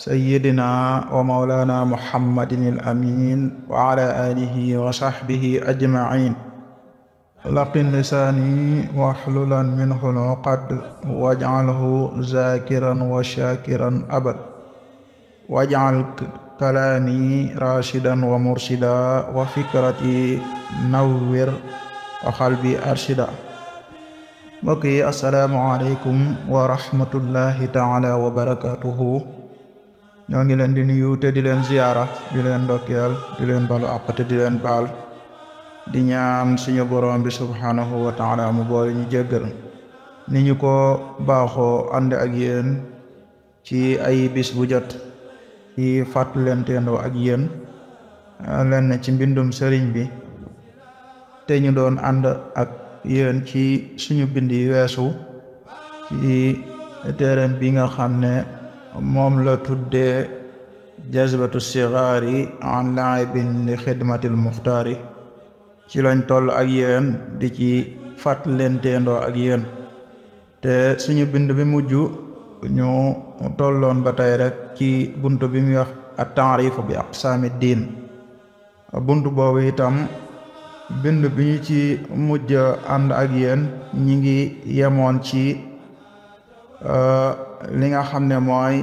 sayyidina wa mawlana muhammadin al amin wa ala alihi wa sahbihi ajmain laqin lisaani waxlulan minhu luqad wajcalhu zakiran wa shakiran abad wajcal kalaami rashidan wa murshida wa fikrati nawwir wa qalbi arshida mbokk yi assalaamu aleykum wa rahmatullahi taala wa barakatuhu ñoo ngi leen di nuyu te di leen ziyaara di leen ndokkeel di leen balu àq di leen bal di ñaan suñu borom bi subhaanahu wa taala mu boole ñu jéggal ni ñu ko baaxoo ànd ak yéen ci ay bis bu jot ci fàttalenteendoo ak yéen eh, leen ci mbindum sëriñ bi te ñu doon ànd ak yéen ci suñu bind yi weesu ci téereem bi nga xam ne moom la tuddee jazbatu sigaari an laibin li xidmatil muxtaari ci lañ toll ak yéen di ci fàttalenteendoo ak yéen te suñu bind bi mujj ñu tolloon ba tey rek ci bunt bi muy wax a taarifu bi ak aqsaami diin bunt boobu itam bind bi ñu ci mujj ànd ak yéen ñi ngi yemoon ci euh, li nga xam ne mooy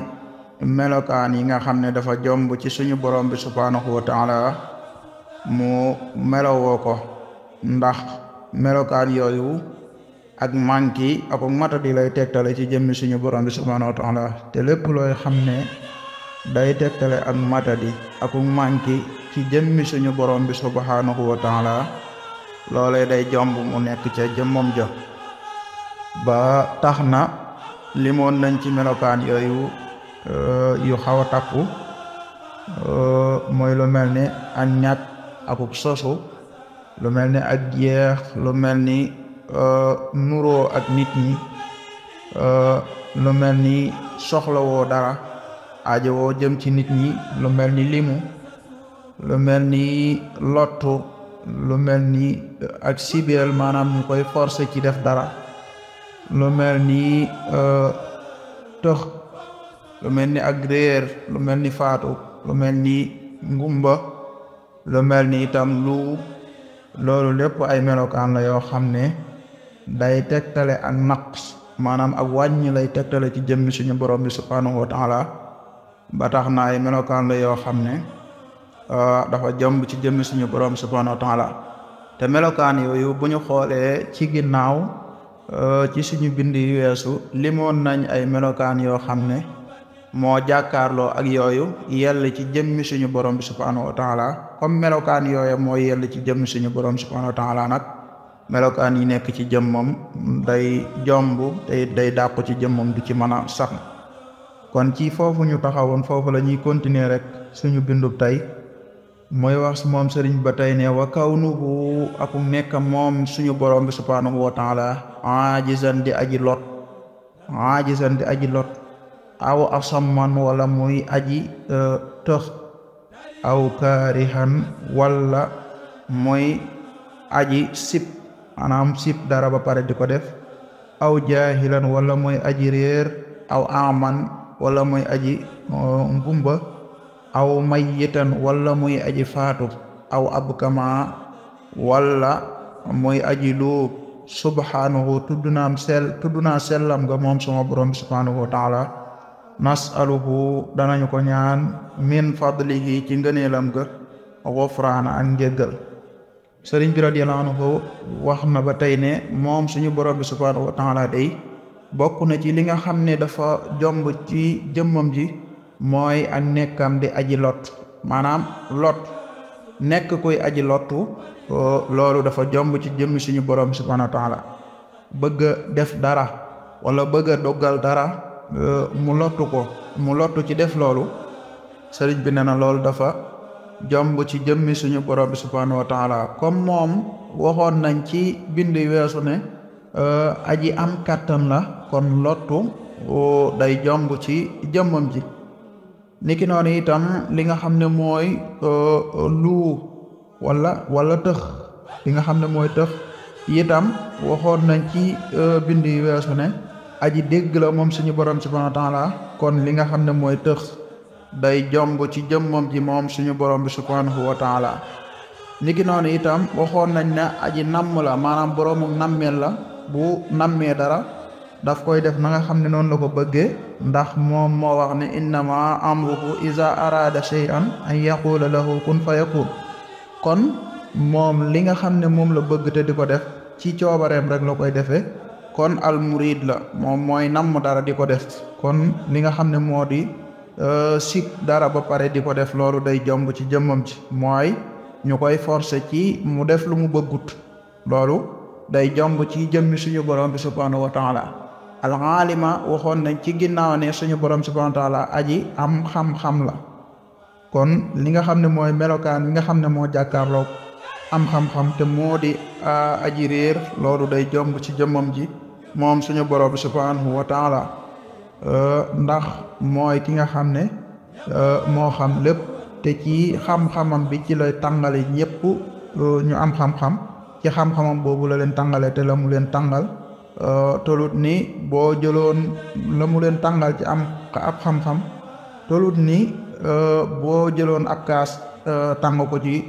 melokaan yi nga xam ne dafa jomb ci suñu borom bi subhaanahu wa taala mu melowoo ko ndax melokaan yooyu ak manki ak matadi lay tegtale ci jëmmi suñu borom bi subhaanahu wa taala te lépp looy xam ne day tegtale ak matadi ak manki ci jëmmi suñu borom bi subhaanahu wa taala loolee day jomb mu nekk ca jëmmam ja ba tax na limoon nañ ci melokaan yooyu euh, yu xaw a takku euh, mooy lu mel ni ak ñàkk akuk sosu lu mel ni ak jeex lu mel ni euh, nuroo ak nit ñi lu mel ni soxlawoo dara ajowoo jëm ci nit ñi lu mel ni limu lu mel ni lottu lu mel ni ak sibeel maanaam ñu koy forcé ci def dara lu mel nii euh, tëx lu mel ni ak réer lu mel ni faatu lu mel ni ngumba lu mel ni itam lu loolu lépp ay melokaan la yoo xam ne day tegtale ak naqs maanaam ak wàññi lay tegtale ci jëmmi suñu borom bi subhanahu wa taala ba tax na ay melokaan la yoo xam ne euh, dafa jëmb ci jëmmi suñu borom subhanahu wa taala te melokaan yooyu bu ñu xoolee ci ginnaaw Euh, ci suñu bind yu weesu limoon nañ ay melokaan yoo xam ne moo jàkkaarloo ak yooyu yell ci jëmmi suñu borom bi subhaanahu wa taala comme melokaan yooyu moo yell ci jëmmi suñu borom bi subhaanahu wa taala nag melokaan yi nekk ci jëmmam day jomb te day dàqu ci jëmmam du ci mën a sax kon ci foofu ñu taxawoon foofu la ñuy continuer rek suñu bindu tey mooy wax si moom sëriñ ba tey ne wa bu ak nekk moom suñu borom bi subhaanahu wa taala aajizan di aji lot aajizan di aji lot aw asamman wala mooy aji e, tëx aw kaarihan wala mooy aji sip anaam sip dara ba pare di ko def aw jaahilan wala mooy aji réer aw aman wala muy aji e, ngumba aw mayyitan wala muy aji faatu aw abkama wala muy aji luub subhaanahu tuddunaam sel tuddunaa sellam nga moom suma borom bi subhaanahu wa taala nasaluhu danañu ko ñaan min fadlihi ci ngëneelam ga gufraana ak njéggal sëriñ wax na ba tey ne moom suñu borom bi subhaanahu wa taala day ci li nga xam ne dafa jomb ci jëmmam ji mooy ak nekkam di aji lot maanaam lot nekk kuy aji lottu oh, loolu dafa jomb ci jëmmi suñu borom subhanahu wa taala bëgg def dara wala bëgg doggal dara eh, mu lottu ko mu lottu ci def loolu sëriñ bi ne na loolu dafa jomb ci jëmmi suñu borom bi subhanahu wa taala comme moom waxoon nañ ci bind weesu ne eh, aji am kattan la kon lottu oh, day jomb ci jëmmam ji niki noonu itam li nga xam ne mooy euh, luu wala walla tëx li nga xam ne mooy tëx itam waxoon nañ ci euh, bind weesu ne aji dégg la moom suñu borom subhanahu wa taala kon li nga xam ne mooy tëx day jomb ci jëmmam ji moom suñu borom bi subhanahu wa taala niki noonu itam waxoon nañ na aji namm la maanaam boroomu nammeel la bu nammee dara daf koy def na nga xam ne noonu la ko bëggee ndax moom moo wax ne innama amruhu isa arada shay'an an yaqula lahu kun fa yakun kon moom li nga xam ne moom la bëgg te di ko def ci coobareem rek la koy defee kon al murid la moom mooy namm dara di ko def kon li nga xam ne moo di euh, sik dara ba pare di ko def loolu day jomb ci jëmmam ci mooy ñu koy forcer ci mu def lu mu bëggut loolu day jomb ci jëmmi suñu borom bi subhanahu wa taala al alima waxoon nañ ci ginnaaw ne suñu borom subhanahu wa aji am xam-xam la kon li nga xam ne mooy melokaan bi nga xam ne moo jàkkaarloo am xam-xam te moo di aji réer loolu day jomb ci jëmmam ji moom suñu borom subhanahu wa taala ndax mooy ki nga xam ne moo xam lépp te ci xam-xamam bi ci lay tàngale ñëpp ñu am xam-xam ci xam-xamam boobu la leen tàngale te la mu leen tàngal Euh, tolut nii boo jëloon la mu leen tàngal ci am ab xam-xam tolut ni euh, boo jëloon ab kaas euh, tàng ko ci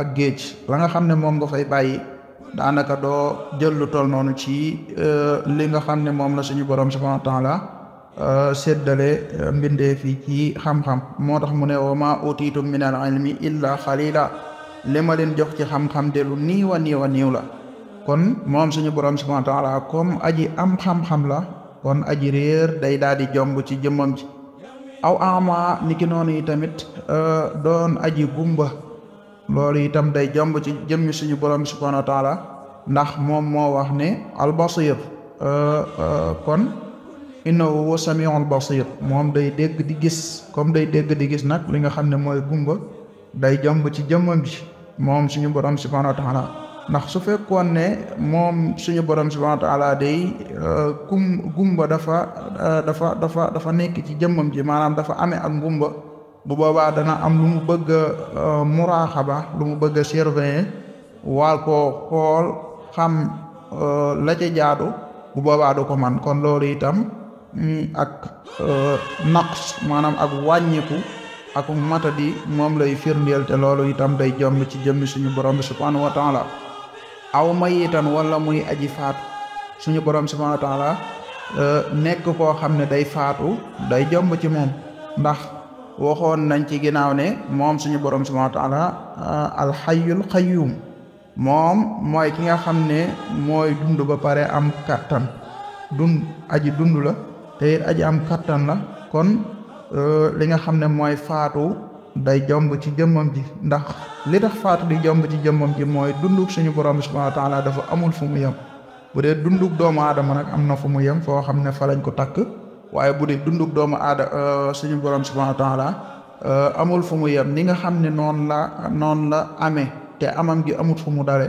ak géej la nga xam ne moom nga fay bàyyi daanaka doo jël lu toll noonu ci li nga xam ne moom la suñu borom subhanahu wa taala séddale mbindee fii ci xam-xam moo tax mu ne wa ma utiitum mi al ilmi illa xalila li ma leen jox ci xam-xam de lu niiw niiw la kon moom suñu borom subhanahu wa taala aji am xam-xam la kon aji réer day daal di jomb ci jëmmam ji aw ama niki noonu yi tamit euh, doon aji gumba loolu itam day jomb ci jëmmi suñu borom subhanahu wa ndax moom moo wax ne albasir euh, euh, kon innahu samiul basir moom day dégg di gis comme day dégg di gis nag li nga xam ne mooy gumba day jomb ci jëmmam ji moom suñu borom subhanahu ndax su fekkoon ne moom suñu borom subhanahu wa taala day euh, kum gumba dafa euh, dafa dafa dafa nekk ci jëmmam ji maanaam dafa amee ak ngumba bu boobaa dana am lu mu bëgg a euh, muraaxaba lu mu bëgg a surveiller waal koo xool xam la ca jaadu bu boobaa ko man kon loolu itam mm, ak naqs maanaam ak wàññiku ak matadi moom lay firndeel te loolu itam day jomb ci jëmmi suñu borom bi subhanahu wa taala aw mayitan wala muy aji faat suñu borom subhanahu wa taala euh, nekk koo xam ne day faatu day jomb ci moom ndax waxoon nañ ci ginaaw ne moom suñu borom subhanahu wa taala euh, alxayul xayuum moom mooy ki nga xam ne mooy dund ba pare am kattan dund aji dund la te it aji am kattan la kon euh, li nga xam ne mooy faatu day jomb ci jëmmam ji ndax li tax faatu di jomb ci jëmmam ji mooy dunduk suñu borom bi subhaanahu wa taala dafa amul fu mu yem bu dee dunduk doomu aadama nag am na fu mu yem foo xam ne fa lañ ko takk waaye bu dee dunduk doomu aada euh, suñu borom bi subhaanahu wa taala euh, amul fu mu yem ni nga xam ne noonu la noonu la amee te amam gi amut fu mu dale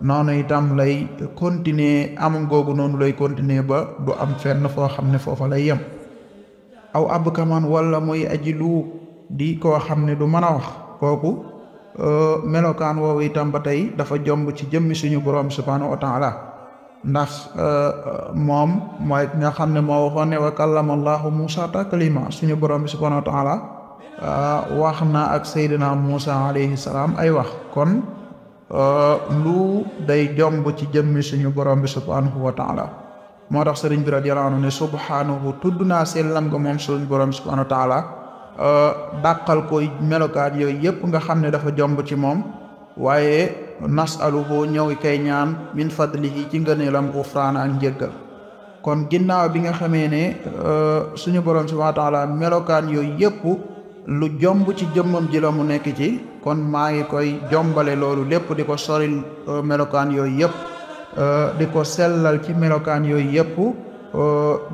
noonu itam lay continuer amam googu noonu lay continuer ba du am fenn foo xam ne foofa lay yem aw ab kaman wala di koo xam ne du mën a wax kooku euh, melokaan woowu itam ba tey dafa jomb ci jëmmi suñu borom subhanahu wa taala ndax euh, moom mooy nga xam ne moo waxoon ne wa kallama allahu musa taklima suñu borom bi subhanahu wa taala euh, wax na ak saydina musa alayhi salaam ay wax kon lu day jomb ci jëmmi suñu borom bi subhanahu wa taala moo tax sëriñ bi radiyallahu anhu ne subhanahu tudd naa sellam nga moom suñu borom bi subhanahu Euh, dàqal ko melokaan yooyu yëpp nga xam ne dafa jomb ci moom waaye nas nasaluhu ñëw kay ñaan min fadlihi ci ngëneelam gufraan ak njëggal kon ginnaaw bi nga xamee ne euh, suñu borom subhaanahu wa taala melokaan yooyu yëpp lu jomb ci jëmmam ji la mu nekk ci kon maa ngi koy jombale loolu lépp di ko soril euh, melokaan yooyu yëpp di ko sellal ci melokaan yooyu yëpp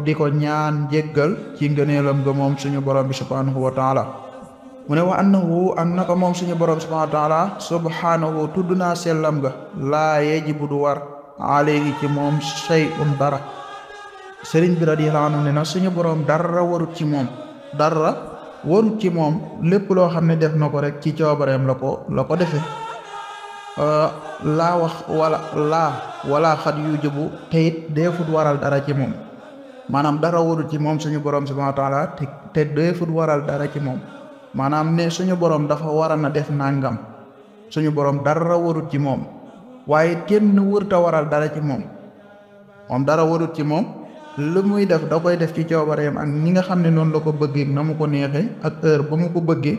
di ko ñaan jéggal ci ngëneelam ga moom suñu borom bi subhanahu wa taala mu ne wa annahu ak naka moom suñu borom subhanahu wa taala tudd naa lam ga laa yajibu du war alayhi ci moom shay um dara sëriñ bi radiyallahu anhu ne na suñu borom dara warut ci moom dara warut ci moom lépp loo xam ne def na ko rek ci coobareem la ko la ko defe laa wax wala laa wala xat yu jëbu te it deefut waral dara ci moom maanaam dara warul ci moom suñu borom subhanahu wa taala te te deefut waral dara ci moom maanaam ne suñu boroom dafa wara na def nangam suñu borom darra warul ci moom waaye kenn wërta waral dara ci moom moom dara warul ci moom lu muy def da koy def ci coobareem ak ñi nga xam ne noonu la ko bëggee na ko neexee ak heure ba mu ko bëggee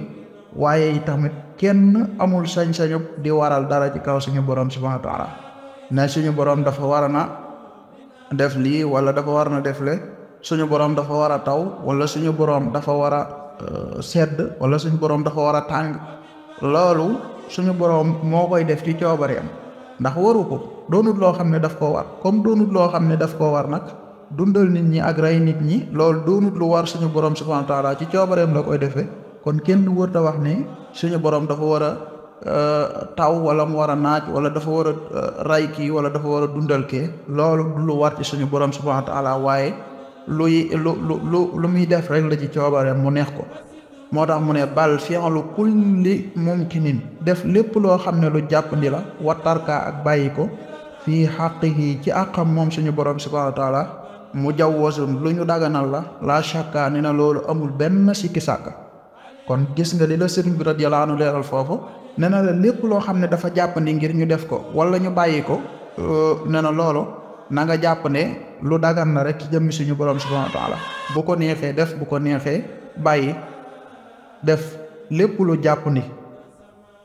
waaye tamit kenn amul sañ-sañu di waral dara ci kaw suñu borom subhanahu wa taala ne suñu borom dafa wara na def lii wala dafa war na def le suñu borom dafa war a taw wala suñu borom dafa war a euh, sedd wala suñu borom dafa war a tàng loolu suñu borom moo koy def ci coobareem ndax waru ko doonut loo xam ne daf koo war comme doonut loo xam ne daf koo war nag dundal nit ñi ak rey nit ñi loolu doonut lu war suñu borom subhanahu wa ci coobareem la koy defee kon kenn wër wax ne suñu borom dafa war Euh, taw wala mu war a naaj wala dafa war a euh, ray kii wala dafa war a dundal ke loolu lu war ci suñu borom subhanahu wa taala waaye luy lu lu lu muy def rek la ci coobare mu neex ko moo tax mu ne bal fi'lu kulli mumkinin def lépp loo xam ne lu jàpp jàppandi la wattarkaa ak bàyyi ko fii xaqihi ci àqam moom suñu borom subhanahu wa taala mu jawwasum lu ñu dagganal la la shakka ni na loolu amul benn sikki sàkka kon gis nga li la sëriñ bi radiyallahu anhu foofu nee na la lépp loo xam ne dafa jàppandi ngir ñu def ko wala ñu bàyyi ko euh, nee na loolu na nga jàpp ne lu dagan na rek ci jëmmi suñu borom subhanahu wa taala bu ko neexee def bu ko neexee bàyyi def lépp lu jàppandi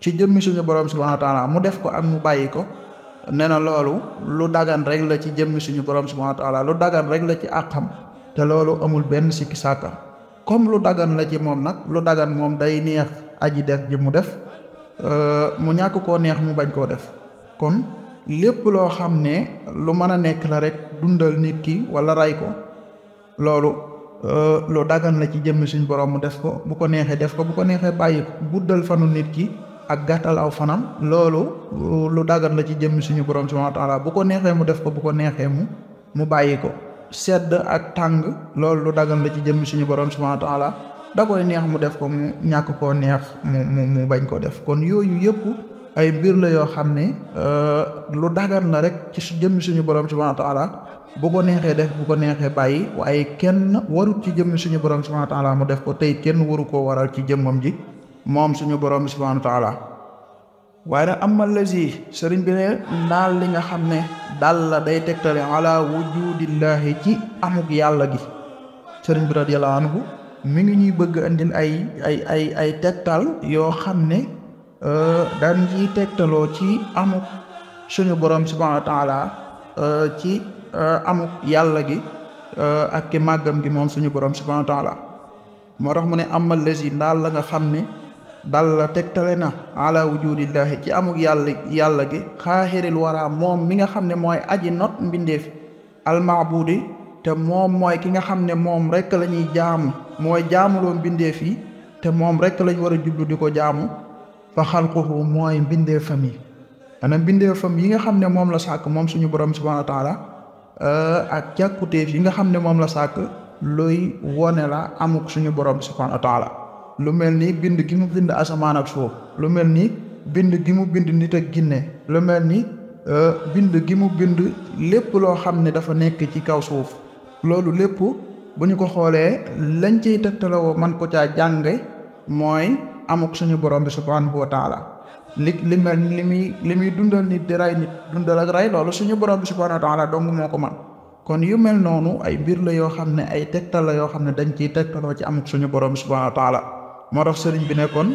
ci jëmmi suñu borom subhanahu wa mu def ko ak mu bàyyi ko nee na loolu lu dagan rek la ci jëmmi suñu borom subhanahu wa taala lu dagan rek la ci àqam te loolu amul benn sikki sàkka comme lu dagan la ci moom nag lu dagan moom day neex aji def ji mu def Euh, mu ñàkk koo neex mu bañ koo def kon lépp loo xam ne lu mën a nekk la rek dundal nit ki wala ray ko loolu euh, lu daggan la ci jëmmi suñu borom mu def ko bu ko neexee def ko bu ko neexee bàyyi ko guddal fanu nit ki ak gàttal aw fanam loolu lu dagan la ci jëmmi suñu borom subhaanahu wa bu ko neexee mu def ko bu ko neexee mu mu bàyyi ko sedd ak tàng loolu lu dagan la ci jëmmi suñu borom subhaanahu wa la da koy neex mu def ko mu ñàkk koo neex mu mu bañ ko def kon yooyu yëpp ay mbir la yoo xam ne euh, lu dagan na rek ci su jëmmi suñu borom subhanahu wa taala bu ko neexee def bu ko neexee bàyyi ay kenn warut ci jëmmi suñu borom subhanahu wa taala mu def ko tey kenn waru koo waral ci jëmmam ji moom suñu borom subhanahu wa taala waaye nag amal lazi sëriñ bi ne daal li nga xam ne daal la day tegtale ala wujudillaahi ci amuk yàlla gi sëriñ bi radiyallahu anhu mi ngi ñuy bëgg indil ay ay ay ay tegtal yoo xam ne euh, daan ciy tegtaloo ci amuk suñu borom subhanahu wa taala euh, ci euh, amuk yàlla gi ak ki màggam gi moom suñu borom subhanahu wa taala moo tax mu ne amal les yi ndaal la nga xam ni dal la tegtale na ala wujudillahi ci amuk yàlla yàlla gi xaaxiril wara moom mi nga xam ne mooy aji not mbindeef almaabudi te moom mooy ki nga xam ne moom rek la ñuy jaamu mooy jaamuloo mbindeef yi te moom rek lañ war a jublu di ko jaamu fa xalquhu mooy mbindeefam yi maanaam mbindeefam yi nga xam ne moom la sàkk moom suñu borom subhanahu wa taala euh, ak càkkutéef yi nga xam ne moom la sàkk luy wone la amuk suñu borom subhanahu wa taala lu mel ni bind gi mu bind asamaan ak suuf lu mel ni bind gi mu bind nit ak ginne lu mel ni euh, bind gimu bind lépp loo xam ne dafa nekk ci kaw suuf loolu lépp bu ñu ko xoolee lañ ciy tegtalawoo man ko caa jànge mooy amuk suñu borom bi subhanahu wa taala li li mel li muy li muy dundal nit di rey nit dundal ak rey loolu suñu borom bi subhanahu wa taala dong moo ko man kon yu mel noonu ay mbir la yoo xam ne ay tegtal yoo xam ne dañ ciy tegtaloo ci amuk suñu borom bi subhanahu wa taala moo tax sëriñ bi ne kon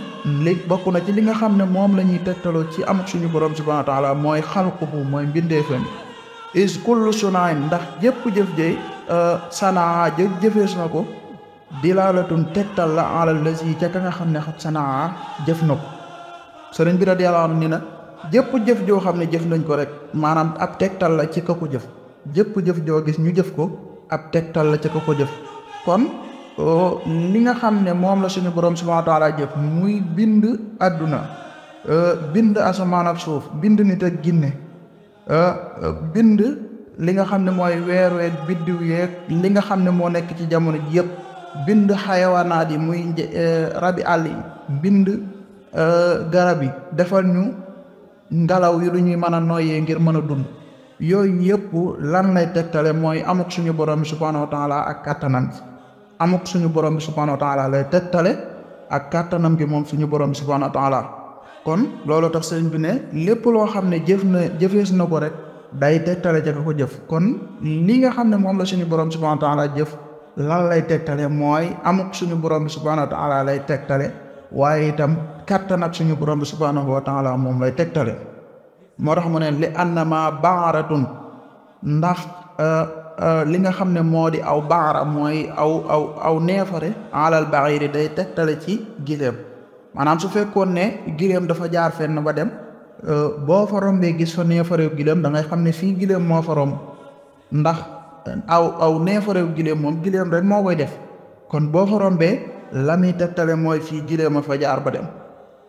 li bokk na ci li nga xam ne moom la ñuy tegtaloo ci amuk suñu borom bi subhanahu wa taala mooy xalquhu mooy mbindeefam is kullu sunaay ndax jëpp jëf jëy Euh, sanaa jë jëfees na ko dilaalatun tegtal la alal la si ca ka nga xam ne sanaa jëf na ko sëriñ bi radiyallahu anhu ni na jëpp jëf joo xam ne jëf nañ ko rek maanaam ab tegtal la ci ka ko jëf jëpp jëf joo gis ñu jëf ko ab tegtal la ci ka ko jëf kon oh, li nga xam ne moom la suñu borom subhaanahu wa taala jëf muy bind àdduna euh, bind asamaan ak suuf bind nit ak ginne euh, bind li nga xam ne mooy weer weeg biddiw yeeg li nga xam ne moo nekk ci jamono ji yëpp bind xayawaanaat yi muy eh, rabi àll yi bind eh, garab yi defal ñu ngelaw yi lu ñuy mën a noyyee ngir mën a dund yooyu yëpp lan lay tegtale mooy amuk suñu borom bi subhanahu wa taala ak kàttanam gi amuk suñu borom bi subhanahu wa taala lay tegtale ak kàttanam gi moom suñu borom bi subhanahu wa taala kon loolu tax sëriñ bi ne lépp loo xam ne jëf na jëfees na ko rek day tegtale ca ka ko jëf kon lii nga xam ne moom la suñu borom subhanahu wa taala jëf lan lay tegtale mooy amuk suñu borom bi subhanahu wa taala lay tegtale waaye itam kattan ak suñu borom bi subhanahu wa taala moom lay tegtale moo tax mu ne li annama baaratun ndax euh, euh, li nga xam ne moo di aw baara mooy aw aw neefare alal baxiiri day tegtale ci gileem maanaam su fekkoon ne gileem dafa jaar fenn ba dem boo fa rombee gis fa neefareew gileem da ngay xam ne fii gileem moo fa romb ndax aw aw neefareew gileem moom gileem rek moo koy def kon boo fa rombee la muy tegtale mooy fii gileem a fa jaar ba dem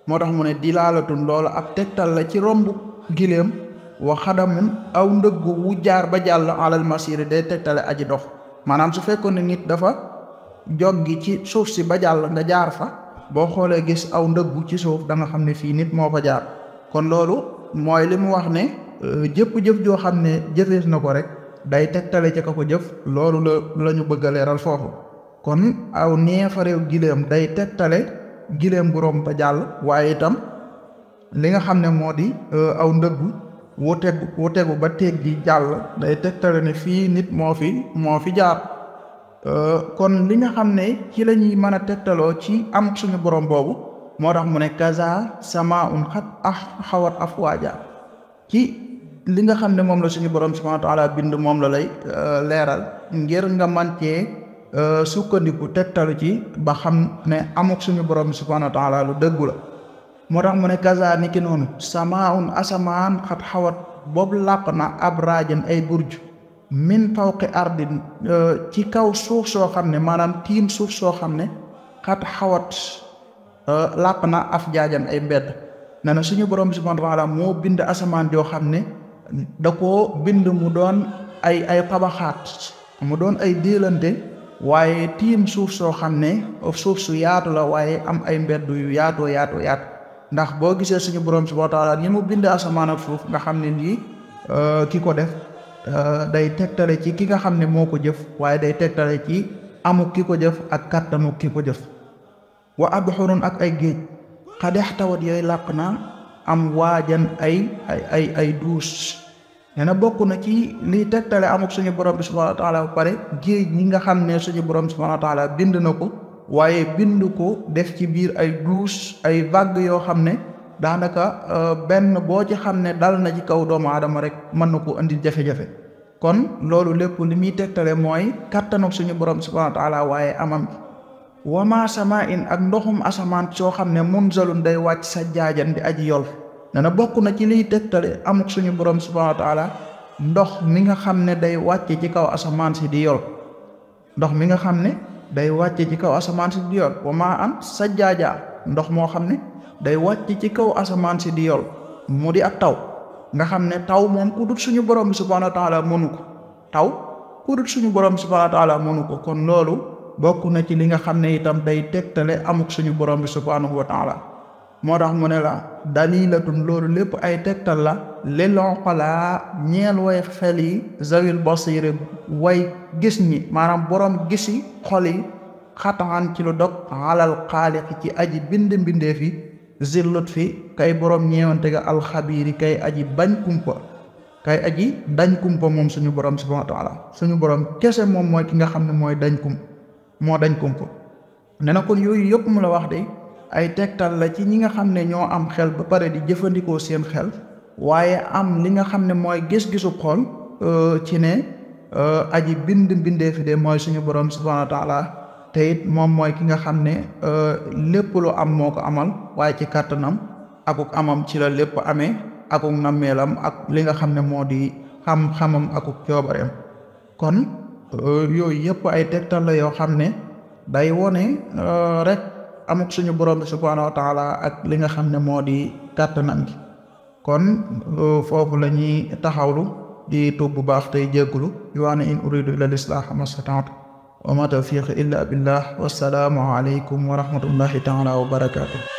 moo tax mu ne di laalatun loolu ak tegtal la ci romb gileem wa xadamun aw ndëggu wu jaar ba jàll alal masiri day tegtale aji dox maanaam su fekkoon ne nit dafa joggi ci suuf si ba jàll nga jaar fa boo xoolee gis aw ndëggu ci suuf danga xam ne fii nit moo fa jaar kon loolu mooy li mu wax ne euh, jëpp-jëf joo xam ne jëfees na ko rek day tegtale ca ka ko jëf loolu la la ñu bëgg a leeral foofu kon aw neefareew giléem day tegtale giléem borom romb ba jàll waaye itam li nga xam ne moo di euh, aw ndëggu wu tegu ba teeg ji jàll day tegtale ne fii nit moo fi moo fi jaar euh, kon li nga xam ne ci la ñuy mën a tegtaloo ci am suñu borom boobu moo tax mu ne kaza sama un xat ah xawat afwaaja ci li nga xam ne moom la suñu borom subhanahu wa taala bind moom la lay euh, leeral ngir nga man cee euh, sukkandiku tegtalu ci ba xam ne amuk suñu borom subhanahu wa taala lu dëggu la moo tax mu ne kaza ni ki noonu sama asamaan xat xawat boobu làq na ab raajan ay burj min fawqi ardin euh, ci kaw suuf soo xam ne maanaam tiim suuf soo xam ne xat xawat Euh, làpp na af jaajam ay mbedd nee na suñu borom bi subhanahu wa moo bind asamaan joo xam ne da koo bind mu doon ay ay tabaxaat mu doon ay déelante waaye tiim suuf soo xam ne suuf su yaatu la waaye am ay mbedd yu yaatoo yaatoo yaatu ndax boo gisee suñu borom bi subhanahu wa taala mu bind asamaan ak suuf nga xam ne nii euh, ki ko def euh, day tegtale ci ki nga xam ne moo ko jëf waaye day tegtale ci amu ki ko jëf ak kàttanu ki ko jëf wa abxurun ak ay géej xadeex tawat yooyu làq naa am waajan ay ay ay ay duus nee na bokk na ci liy tegtale amuk suñu borom bi subhanahu wa ba pare géej ñi nga xam ne suñu borom bi subhanahu bind na ko waaye bind ko def ci biir ay duus ay vague yoo xam ne daanaka euh, benn boo ci xam ne dal na ci kaw doomu aadama rek mën na ko indi jafe-jafe kon loolu lépp li muy tegtale mooy kattanu suñu borom bi subhanahu wa taala waaye amam wama sama in ak ndoxum asamaan soo xam ne mun zalun day wàcc sa jaajan di aji yol ne na bokk na ci liy tegtale amuk suñu borom subhanahu wa ndox mi nga xam ne day wàcce ci kaw asamaan si di yol ndox mi nga xam ne day wàcce ci kaw asamaan si di yol am sa jaaja ndox moo xam ne day wàcc ci kaw asamaan di yol mu di ab taw nga xam ne taw moom ku suñu borom subhanahu wa taala mënu ko taw ku suñu borom subhanahu wa taala mënu ko kon loolu bokk na ci li nga xam ne itam day tegtale amuk suñu borom bi subhaanahu wa la moo tax mu ne la dalilatun loolu lépp ay tegtal la lil uqala ñeel way xel yi zawil basire way gis ñi maanaam borom gisi xol yi xataan ci lu dog alal xaaliqi ci aji bind mbindeef yi zillut fi kay borom ñeewante ga alxabiiri kay aji bañ kumpa kay aji dañ kumpa moom suñu borom subhaanahu wa taala suñu borom kese moom mooy ki nga xam ne mooy dañ kumpa moo dañ kumpa ne na kon yooyu yëpp mu la wax de ay tegtal la ci ñi nga xam ne ñoo am xel ba pare di jëfandikoo seen xel waaye am li nga xam ne mooy gis-gisu xool euh, ci ne euh, aji bind bindee fi de mooy suñu borom subhaana wa taala te it moom mooy ki nga xam ne euh, lépp lu am moo ko amal waaye ci kàttanam akuk amam ci la lépp ame akuk nammeelam ak li nga xam ne moo di xam-xamam akuk coobareem kon Euh, yooyu yëpp ay tegtal la yoo xam ne day wone euh, rek amuk suñu borom bi subhaanahu wa ak li nga xam ne moo di kàttanam gi kon euh, foofu la ñuy taxawlu di tuub bu baax tey jéggulu yu waa ne in uridu illa lislah mastata'tu wa ma tawfiqi illa billah wassalaamu aleykum wa rahmatullahi wa barakatuh